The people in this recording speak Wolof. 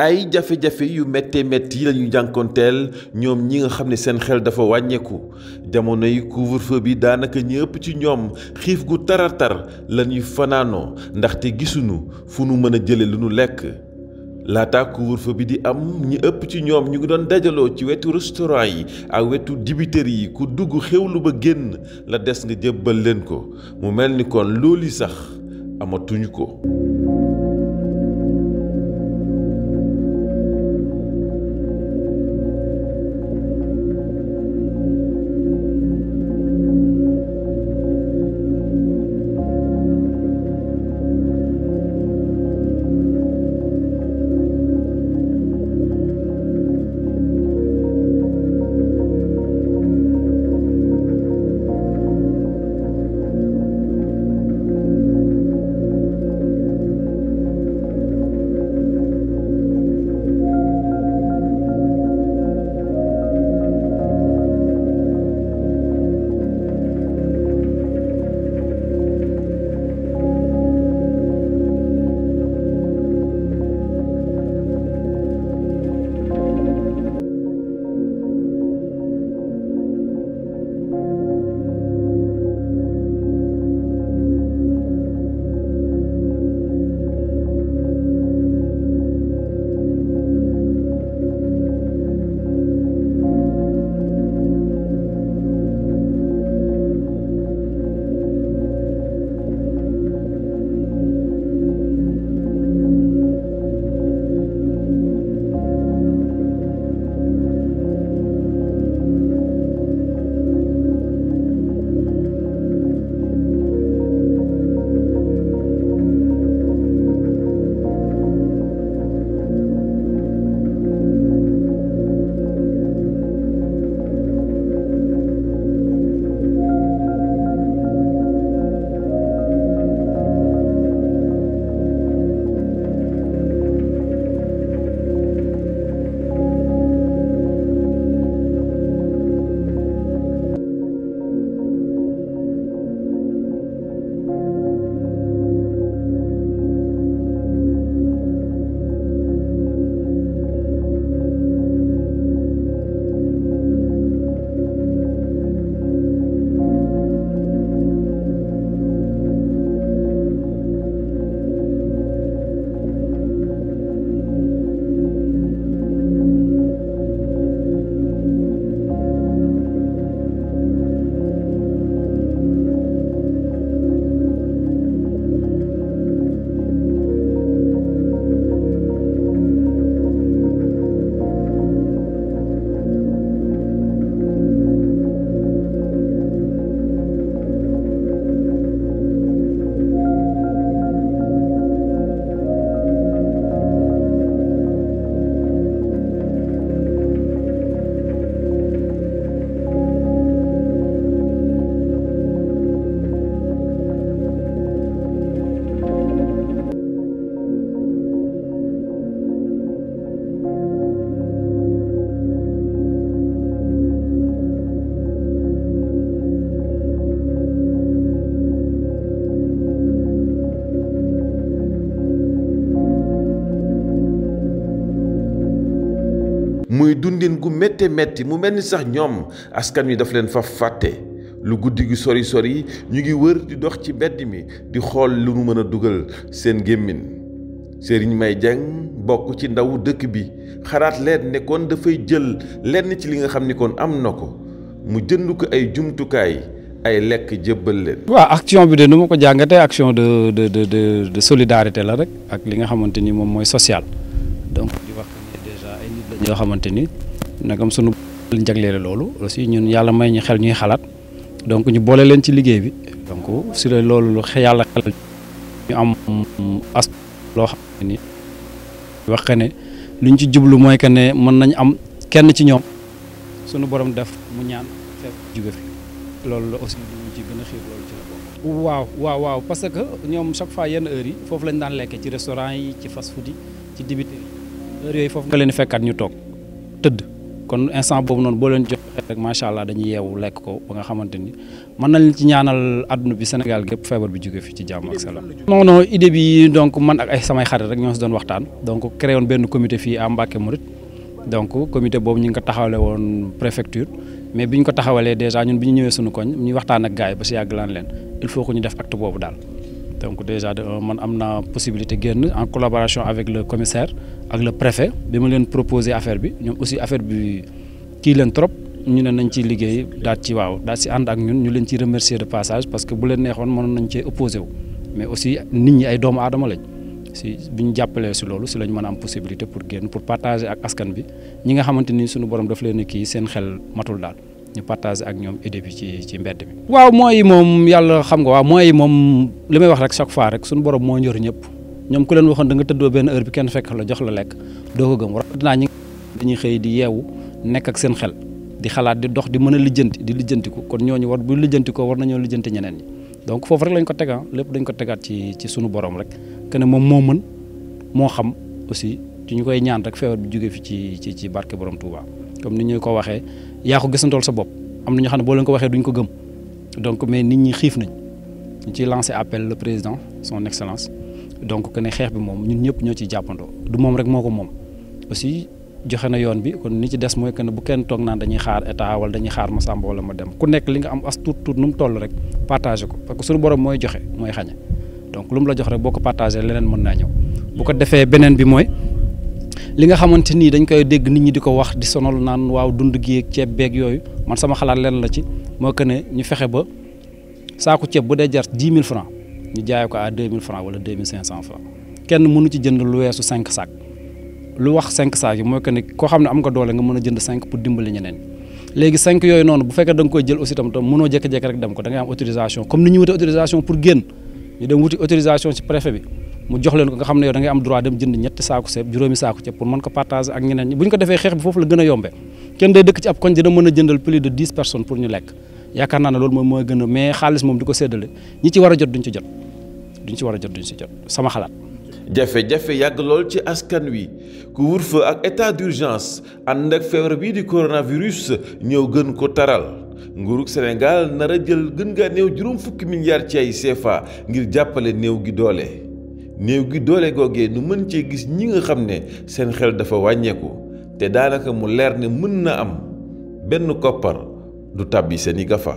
ay jafe-jafe yu méttee métti yi la ñu jànkoonteel ñoom ñi nga xam ne seen xel dafa wàññeeku jamono yi couvre-feu bi daanaka ñëpp ci ñoom xiif gu taratar la ñuy fanaanoo ndaxte gisuñu fu nu mën a jële lu ñu lekk laata couvre-feu bi di am ñi ëpp ci ñoom ñu ngi doon dajaloo ci wetu restaurant yi ak wetu dibiteri yi ku dugg xewlu ba génn la des nga jébbal leen ko mu mel ni kon loolu sax amatuñu ko dundin gu métte métti mu mel ni sax ñoom askan wi daf leen fa fàtte lu guddi gi sori sori ñu ngi wër dox ci mbedd mi di xool lu nu mën a dugal seen gémmiñ Serigne May Dieng bokk ci ndawu dëkk bi xalaat leen kon dafay jël lenn ci li nga xam ni kon am na ko mu jënd ko ay jumtukaay ay lekk jébbal leen. waaw action bi de nu ma ko jàngatee action de de de de solidarité la rek ak li nga xamante ni moom mooy social donc xamante ni. nakam sunu liñ jagleele lolu aussi ñun yalla may ñu xel ñuy xalat donc ñu bolé leen ci liggéey bi donc si la loolu yalla xel ñu am as lo xamni wax kané luñ ci jublu moy kané mën nañ am kenn ci ñom sunu borom def mu ñaan fekk jóge fi lolu la aussi ñu ci gëna a lolu ci la bokk. waaw waaw waaw parce que ñom chaque fois yenn heure yi fofu lañ daan lekkee ci restaurant yi ci fast food yi ci dibiterie heure yoy fofu nga leen fekkat ñu tok teud kon instant boobu noonu boo leen jox rek macha allah dañuy yeewu lekk ko ba nga xamante ni mën nañ ci ñaanal àdduna bi Sénégal gépp feebar bi jóge fi ci jàmm ak salaam. non non idée bi donc man ak ay samay xarit rek ñoo si doon waxtaan donc créé benn comité fii à Mbacké Mouride donc comité boobu ñu ngi ko taxawale woon préfecture mais bi ñu ko taxawalee déjà ñun bi ñu ñëwee suñu koñ ñu waxtaan ak gars yi ba si yàgg laan leen il faut que ñu def acte boobu daal. donc déjà de euh, man am naa possibilité génn en collaboration avec le commissaire ak le préfet bi ma leen proposé affaire bi ñoom aussi affaire bi kii leen trop ñu ne nañ ci liggéey daal ci waaw daal ci ànd ak ñun ñu leen ci remercier de passage parce que bu leen neexoon mënoon nañ cee opposé wu mais aussi nit ñi ay doomu aadama lañ si bi ñu jàppalee si loolu si lañ mën a am possibilité pour génn pour partager ak askan bi ñi nga xamante ni suñu borom daf leen kii seen xel matul daal ñu partager ak ñoom idée bi ci ci mbedd mi. waaw mooy moom yàlla xam nga waaw mooy moom li may wax rek chaque fois rek suñu borom moo ñor ñëpp ñoom ku leen waxoon da nga tëddoo benn heure bi kenn fekk la jox la lekk doo ko gëm rawatina ñi dañuy xëy di yeewu nekk ak seen xel di xalaat di dox di mën a lijjanti di lijjantiku kon ñooñu war bu lijjanti ko war nañoo lijjanti ñeneen ñi donc foofu rek lañ ko tegaan ah, lépp dañ ko tegaat ci ci sunu boroom rek que ne moom moo mën moo xam aussi ci ñu koy ñaan rek feebar bi jóge fi ci ci ci barke borom Touba. comme ni ñu ko waxee yaa ko gisantool sa bopp am na ñoo xam ne boo leen ko waxee duñ ko gëm donc mais nit ñi xiif nañ ñu ciy lancé appel le président son excellence donc que ne xeex bi moom ñun ñëpp ñoo ciy jàppandoo du moom rek moo ko moom aussi joxe na yoon bi kon ni ci des mooy que ne bu kenn toog naan dañuy xaar état wala dañuy xaar ma sàmba wala ma dem ku nekk li nga am as tout tout nu mu toll rek partagé ko parce que suñu borom mooy joxe mooy xañe donc lu la jox rek boo ko partagé leneen mën naa ñëw bu ko bi mooy li nga xamante ni dañ koy dégg nit ñi di ko wax di sonal naan waaw dund gi ak ceeb beeg yooyu man sama xalaat leen la ci moo que ne ñu fexe ba saaku ceeb bu dee jar dix mille francs ñu jaay ko à deux mille francs wala deux mille cinq cent ci jënd lu weesu cinq sac lu wax cinq sac yi mooy ko ne koo xam ne am nga doole nga mën a jënd cinq pour dimbali ñeneen léegi cinq yooyu noonu bu fekkee da nga koy jël aussi tam tam mënoo jékki-jékki rek dem ko da ngay am autorisation wuti autorisation ci préfet bi mu jox leen ko nga xam ne yow da am droit dem jënd ñetti saako ceeb juróomi saako ceeb pour mën ko partager ak ñeneen bu ñu ko defee xeex bi foofu la gën a yombee kenn day dëkk ci ab koñ dina mën a jëndal plus de dix personnes pour ñu lekk yaakaar naa ne loolu moom mooy gën a mais xaalis moom di ko séddale ñi ci war a jot duñ ci jot duñ ci war a jot duñ ci sama xalaat jafe-jafe yàgg lool ci askan wi ku wur fa ak état d'urgence ànd ak feebar bii di coronavirus ñëw gën ko taral nguurug Sénégal nar jël gën ngaa néew juróom fukki milliards ci ay CFA ngir jàppale néew gi doole néew gi doole googee nu mën cee gis ñi nga xam ne seen xel dafa wàññeeku te daanaka mu leer ne mën na am benn koppar du tàbbi seeni gafa